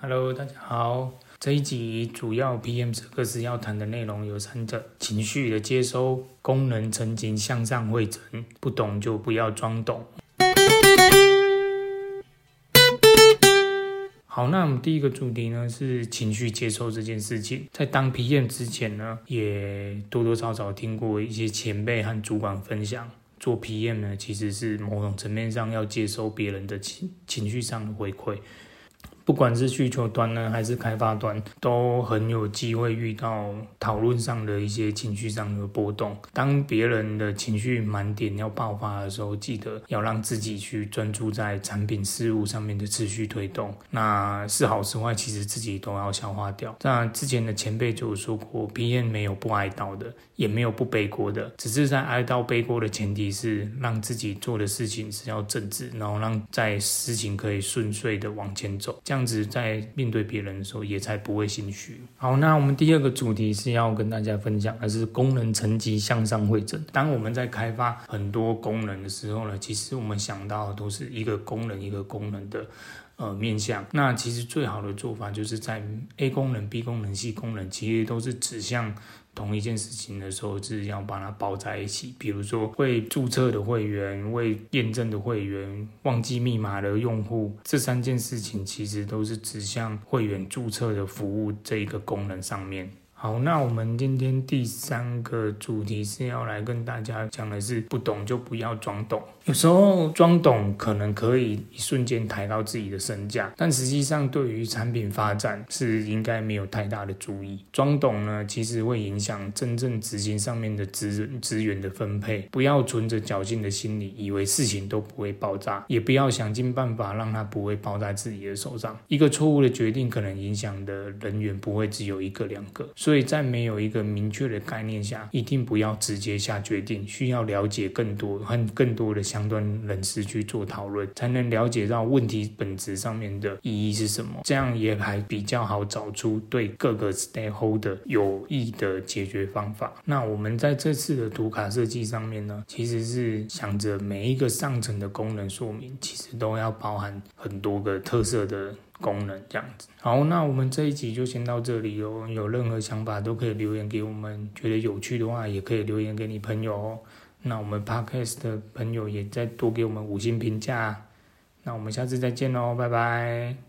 Hello，大家好。這一集主要 PM 這個是要談的內容有三個，情緒的接收、功能層級向上彙整，不懂就不要裝懂。好，那我們第一個主題呢是情緒接收這件事情。在當 PM 之前呢，也多多少少聽過一些前輩和主管分享，做 PM 呢其實是某種層面上要接收別人的情情緒上的回饋。不管是需求端呢，還是開發端，都很有機會遇到討論上的一些情緒上的波動。當別人的情緒滿點要爆發的時候，記得要讓自己去專注在產品事務上面的持續推動。那是好是壞，其實自己都要消化掉。那之前的前輩就有說過，PM 沒有不挨刀的，也沒有不背鍋的，只是在挨刀背鍋的前提是讓自己做的事情是要正直，然後讓在事情可以順遂的往前走，這樣。這樣子在面對別人的時候，也才不會心虛。好，那我們第二個主題是要跟大家分享的是功能層級向上彙整。當我們在開發很多功能的時候呢，其實我們想到的都是一個功能一個功能的。呃，面向。那其實最好的做法就是在於 A 功能、B 功能、C 功能，其實都是指向同一件事情的時候，是要把它包在一起。比如說，未註冊的會員、未驗證的會員、忘記密碼的用戶，這三件事情其實都是指向會員註冊的服務這一個功能上面。好，那我們今天第三個主題是要來跟大家講的是，不懂就不要裝懂。有時候裝懂可能可以一瞬間抬高自己的身價，但實際上對於產品發展是應該沒有太大的注意。裝懂呢，其實會影響真正執行上面的資資源的分配。不要存着僥幸的心理，以為事情都不會爆炸，也不要想盡辦法讓它不會爆在自己的手上。一個錯誤的決定可能影響的人員不會只有一個兩個。所以在沒有一個明確的概念下，一定不要直接下決定，需要了解更多和更多的相關人士去做討論，才能了解到問題本質上面的意義是什麼？這樣也還比較好找出對各個 stakeholder 有益的解決方法。那我們在這次的圖卡設計上面呢，其實是想着每一個上層的功能說明，其實都要包含很多個特色的功能這樣子，好，那我們這一集就先到這裡哦。有任何想法都可以留言給我們，覺得有趣的話也可以留言給你朋友哦。那我們 Podcast 的朋友也再多給我們五星評價。那我們下次再見嘍，拜拜。